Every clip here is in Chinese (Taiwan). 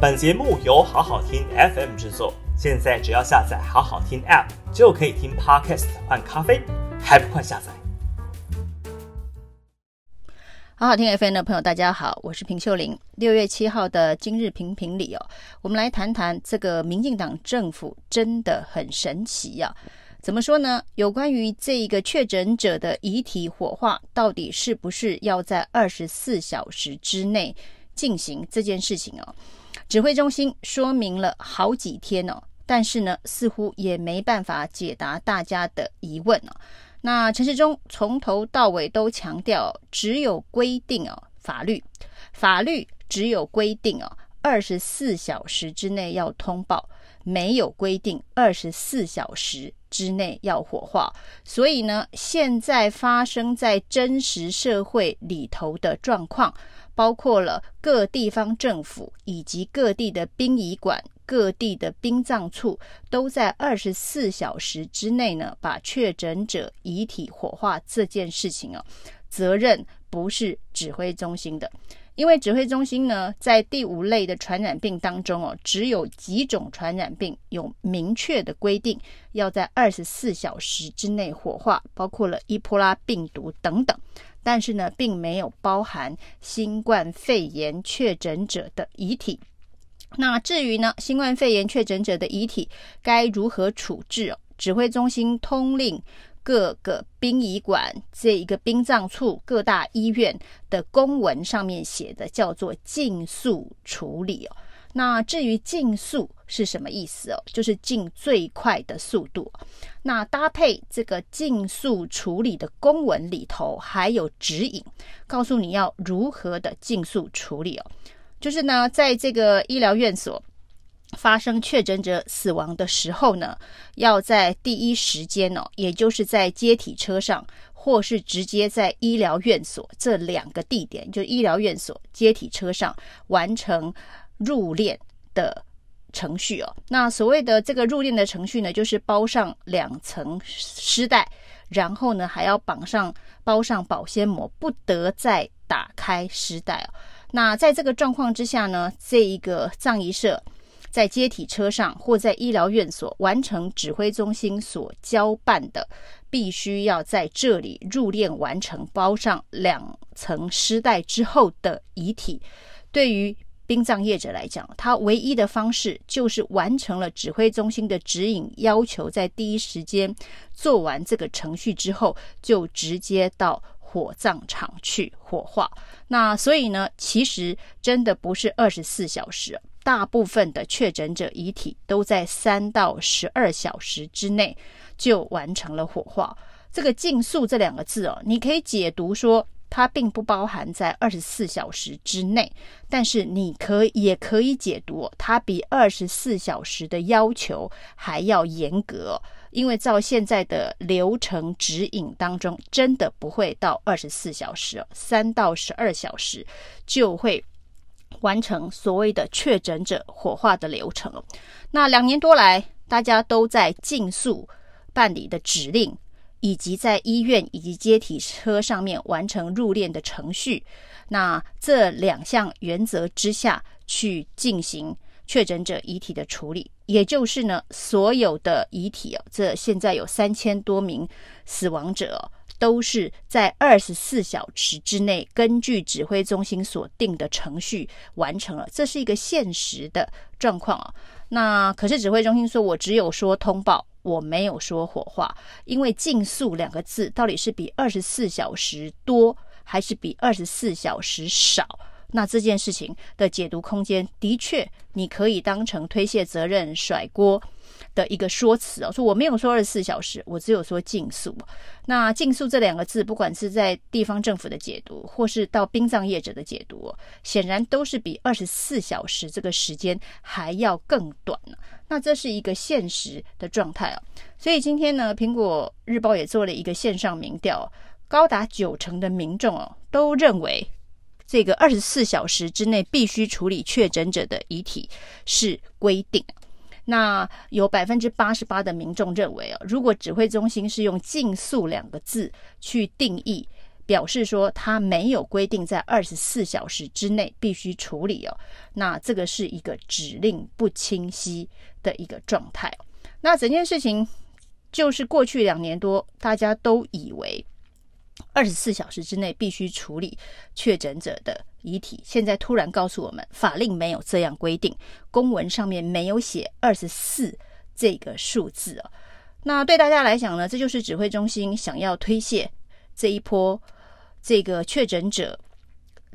本節目由好好聽 FM 製作。現在只要下載好好聽 App，就可以聽 Podcast 換咖啡，還不快下載？好好聽 FM 的朋友，大家好，我是平秀琳。六月七號的今日評評理哦，我們來談談這個民進黨政府真的很神奇呀、啊。怎麼說呢？有關於這一個確診者的遺體火化，到底是不是要在二十四小時之內進行這件事情哦？指揮中心說明了好幾天、哦、但是呢，似乎也沒辦法解答大家的疑問、啊、那陳時中從頭到尾都強調，只有規定哦、啊，法律，法律只有規定哦、啊，二十四小時之內要通報，沒有規定二十四小時之內要火化。所以呢，現在發生在真實社會裡頭的狀況。包括了各地方政府以及各地的殯儀館、各地的殯葬處，都在二十四小時之內呢，把確診者遺體火化這件事情哦，責任不是指揮中心的，因為指揮中心呢，在第五類的傳染病當中哦，只有幾種傳染病有明確的規定要在二十四小時之內火化，包括了伊波拉病毒等等。但是呢，並沒有包含新冠肺炎確診者的遺體。那至於呢，新冠肺炎確診者的遺體該如何處置哦？指揮中心通令各個殯儀館、這一個殯葬處、各大醫院的公文上面寫的叫做“盡速處理”哦。那至於儘速是什麼意思哦？就是盡最快的速度。那搭配這個儘速處理的公文裡頭還有指引，告訴你要如何的儘速處理哦。就是呢，在這個醫療院所發生確診者死亡的時候呢，要在第一時間哦，也就是在接體車上或是直接在醫療院所這兩個地點，就醫療院所接體車上完成。入殮的程序哦，那所謂的這個入殮的程序呢，就是包上兩層屍袋，然後呢還要綁上、包上保鮮膜，不得再打開屍袋哦。那在這個狀況之下呢，這一個葬儀社在接體車上或在醫療院所完成指揮中心所交辦的，必須要在這裡入殮完成，包上兩層屍袋之後的遺體，對於。殯葬業者來講，他唯一的方式就是完成了指揮中心的指引要求，在第一時間做完這個程序之後，就直接到火葬場去火化。那所以呢，其實真的不是二十四小時，大部分的確診者遺體都在三到十二小時之內就完成了火化。這個“儘速”這兩個字哦、啊，你可以解讀說。它並不包含在二十四小時之內，但是你可也可以解讀，它比二十四小時的要求還要嚴格，因為照現在的流程指引當中，真的不會到二十四小時，三到十二小時就會完成所謂的確診者火化的流程。那兩年多來，大家都在盡速辦理的指令。以及在醫院以及接體車上面完成入殮的程序，那這兩項原則之下去進行確診者遺體的處理，也就是呢，所有的遺體哦，這現在有三千多名死亡者哦，都是在二十四小時之內，根據指揮中心所定的程序完成了，這是一個現實的狀況啊、哦。那可是指揮中心說我只有說通報。我沒有說火化，因為“儘速”兩個字到底是比二十四小時多還是比二十四小時少？那這件事情的解讀空間，的確你可以當成推卸責任、甩鍋的一個說辭哦，說我沒有說二十四小時，我只有說儘速。那“儘速”這兩個字，不管是在地方政府的解讀，或是到殯葬業者的解讀、哦，顯然都是比二十四小時這個時間還要更短、啊那這是一個現實的狀態哦、啊，所以今天呢，《蘋果日報》也做了一個線上民調、啊，高達九成的民眾哦、啊、都認為，這個二十四小時之內必須處理確診者的遺體是規定、啊。那有百分之八十八的民眾認為哦、啊，如果指揮中心是用「儘速」兩個字去定義。表示說他沒有規定在二十四小時之內必須處理哦，那這個是一個指令不清晰的一個狀態。那整件事情就是過去兩年多，大家都以為二十四小時之內必須處理確診者的遺體，現在突然告訴我們法令沒有這樣規定，公文上面沒有寫二十四這個數字哦，那對大家來講呢，這就是指揮中心想要推卸這一波。這個確診者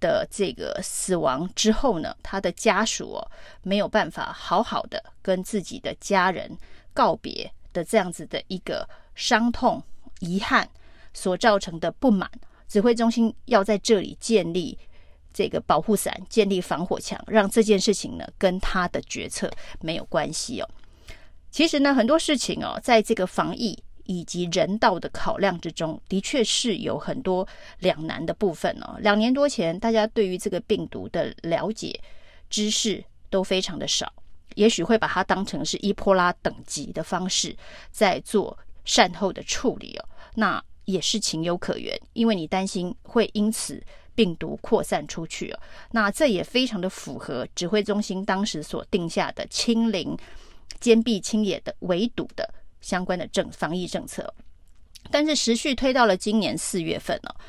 的這個死亡之後呢，他的家屬哦沒有辦法好好的跟自己的家人告別的這樣子的一個傷痛、遺憾所造成的不滿，指揮中心要在這裡建立這個保護傘、建立防火牆，讓這件事情呢跟他的決策沒有關係哦。其實呢，很多事情哦，在這個防疫，以及人道的考量之中，的確是有很多兩難的部分哦。兩年多前，大家對於這個病毒的了解知識都非常的少，也許會把它當成是伊波拉等級的方式在做善後的處理哦，那也是情有可原，因為你擔心會因此病毒擴散出去哦。那這也非常的符合指揮中心當時所定下的清零、堅壁清野的圍堵的。相關的政防疫政策，但是持續推到了今年四月份了啊，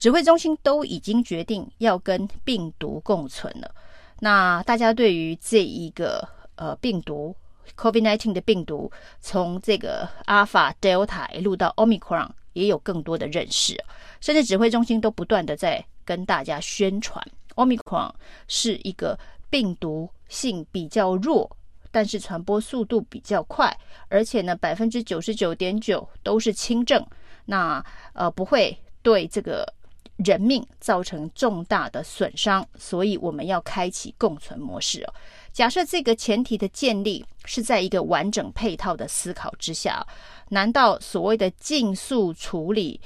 指揮中心都已經決定要跟病毒共存了。那大家對於這一個呃病毒 COVID nineteen 的病毒，從這個 Alpha Delta 一路到 Omicron，也有更多的認識，甚至指揮中心都不斷的在跟大家宣傳，Omicron 是一個病毒性比較弱。但是傳播速度比較快，而且呢，百分之九十九點九都是輕症，那呃不會對這個人命造成重大的損傷，所以我們要開啟共存模式哦。假設這個前提的建立是在一個完整配套的思考之下，難道所謂的盡速處理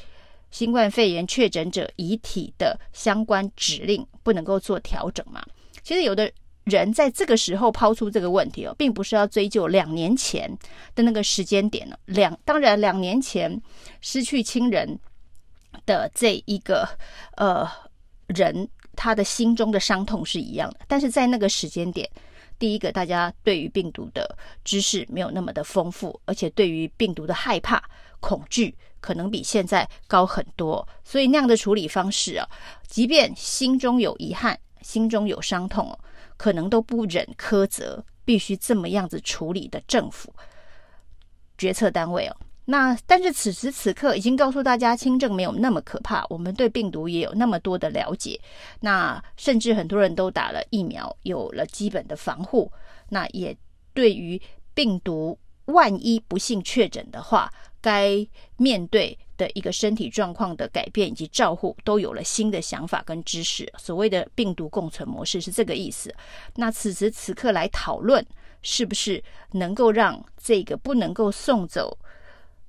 新冠肺炎確診者遺體的相關指令不能夠做調整嗎？其實有的。人在這個時候拋出這個問題哦，並不是要追究兩年前的那個時間點，哦，兩，當然，兩年前失去親人的這一個，呃，人，他的心中的傷痛是一樣的。但是在那個時間點，第一個，大家對於病毒的知識沒有那麼的豐富，而且對於病毒的害怕，恐懼，可能比現在高很多。所以那樣的處理方式啊，即便心中有遺憾，心中有傷痛哦，啊，可能都不忍苛責，必須這麼樣子處理的政府決策單位哦。那但是此時此刻已經告訴大家，輕症沒有那麼可怕，我們對病毒也有那麼多的了解。那甚至很多人都打了疫苗，有了基本的防護。那也對於病毒，萬一不幸確診的話，該面對。的一個身體狀況的改變以及照護都有了新的想法跟知識，所謂的病毒共存模式是這個意思。那此時此刻來討論，是不是能夠讓這個不能夠送走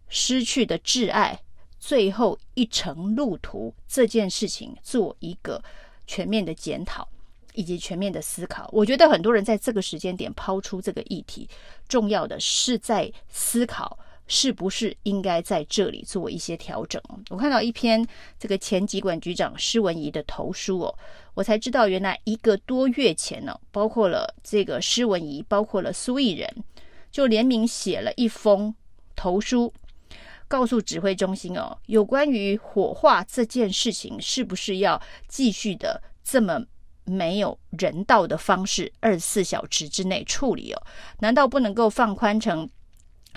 失去的摯愛最後一程路途這件事情，做一個全面的檢討以及全面的思考？我覺得很多人在這個時間點拋出這個議題，重要的是在思考。是不是應該在這裡做一些調整？我看到一篇這個前疾管局長施文儀的投書哦，我才知道原來一個多月前呢、哦，包括了這個施文儀，包括了蘇奕人就聯名寫了一封投書，告訴指揮中心哦，有關於火化這件事情，是不是要繼續的這麼沒有人道的方式，二十四小時之內處理哦？難道不能夠放寬成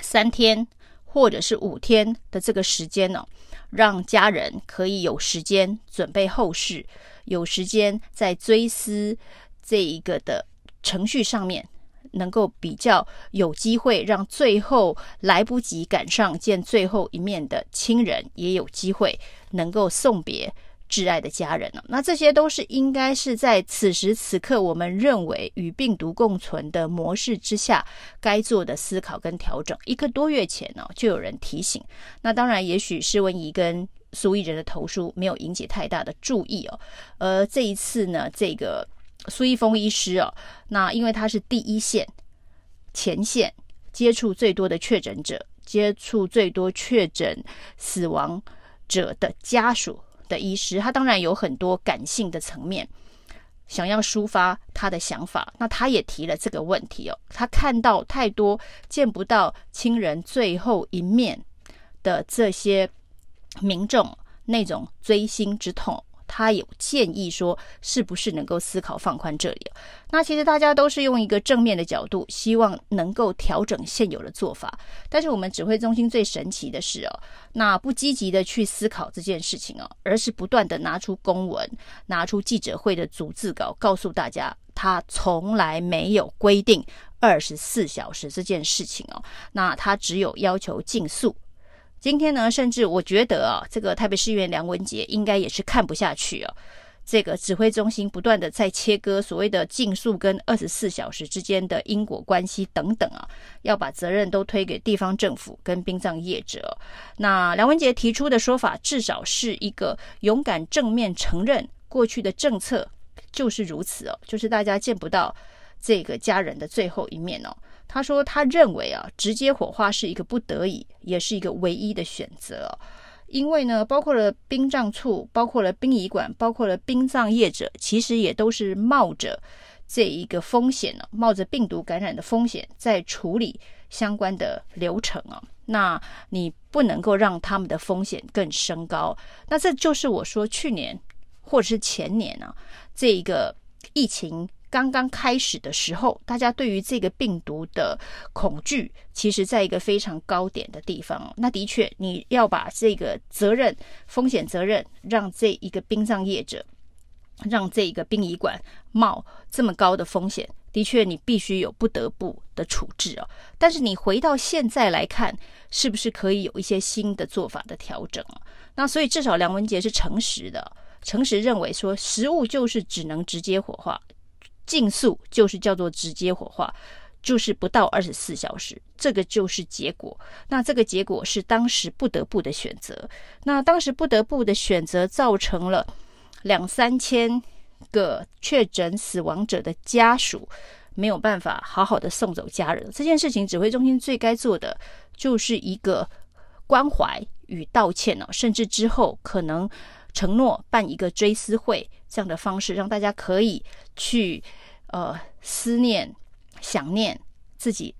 三天？或者是五天的這個時間呢、哦，讓家人可以有時間準備後事，有時間在追思這一個的程序上面，能夠比較有機會讓最後來不及趕上見最後一面的親人，也有機會能夠送別。摯愛的家人、哦、那這些都是應該是在此時此刻，我們認為與病毒共存的模式之下該做的思考跟調整。一個多月前呢、哦，就有人提醒。那當然，也許施文儀跟蘇奕仁的投書沒有引起太大的注意哦。而這一次呢，這個蘇一峰醫師哦，那因為他是第一線、前線接觸最多的確診者，接觸最多確診死亡者的家屬，的醫師，他當然有很多感性的層面，想要抒發他的想法。那他也提了這個問題哦，他看到太多見不到親人最後一面的這些民眾那種錐心之痛。他有建議說，是不是能夠思考放寬這裡？那其實大家都是用一個正面的角度，希望能夠調整現有的做法。但是我們指揮中心最神奇的是哦，那不積極的去思考這件事情哦，而是不斷的拿出公文，拿出記者會的逐字稿，告訴大家他從來沒有規定二十四小時這件事情哦，那他只有要求儘速。今天呢，甚至我覺得啊，這個台北市議員梁文杰應該也是看不下去哦、啊。這個指揮中心不斷的在切割所謂的儘速跟二十四小時之間的因果關係等等啊，要把責任都推給地方政府跟殯葬業者、啊。那梁文杰提出的說法，至少是一個勇敢正面承認過去的政策就是如此哦、啊，就是大家見不到這個家人的最後一面哦、啊。他說，他認為啊，直接火化是一個不得已，也是一個唯一的選擇，因為呢，包括了殯葬處，包括了殯儀館，包括了殯葬業者，其實也都是冒着這一個風險呢、啊，冒着病毒感染的風險，在處理相關的流程啊。那你不能夠讓他們的風險更升高。那這就是我說去年或者是前年啊，這一個疫情。剛剛開始的時候，大家對於這個病毒的恐懼，其實在一個非常高點的地方。那的確，你要把這個責任、風險責任，讓這一個殯葬業者，讓這一個殯儀館冒這麼高的風險，的確，你必須有不得不的處置哦。但是你回到現在來看，是不是可以有一些新的做法的調整？那所以至少梁文杰是誠實的，誠實認為說，實務就是只能直接火化。儘速就是叫做直接火化，就是不到二十四小時，這個就是結果。那這個結果是當時不得不的選擇。那當時不得不的選擇，造成了兩三千個確診死亡者的家屬沒有辦法好好的送走家人。這件事情，指揮中心最該做的就是一個關懷與道歉哦，甚至之後可能。承諾辦一個追思會這樣的方式，讓大家可以去呃思念、想念自己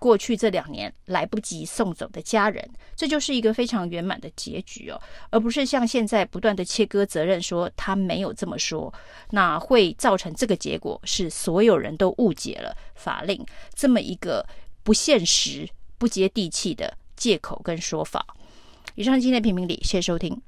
過去這兩年來不及送走的家人，這就是一個非常圓滿的結局哦，而不是像現在不斷的切割責任，說他沒有這麼說，那會造成這個結果是所有人都誤解了法令，這麼一個不現實、不接地氣的借口跟說法。以上是今天的評評理，謝謝收聽。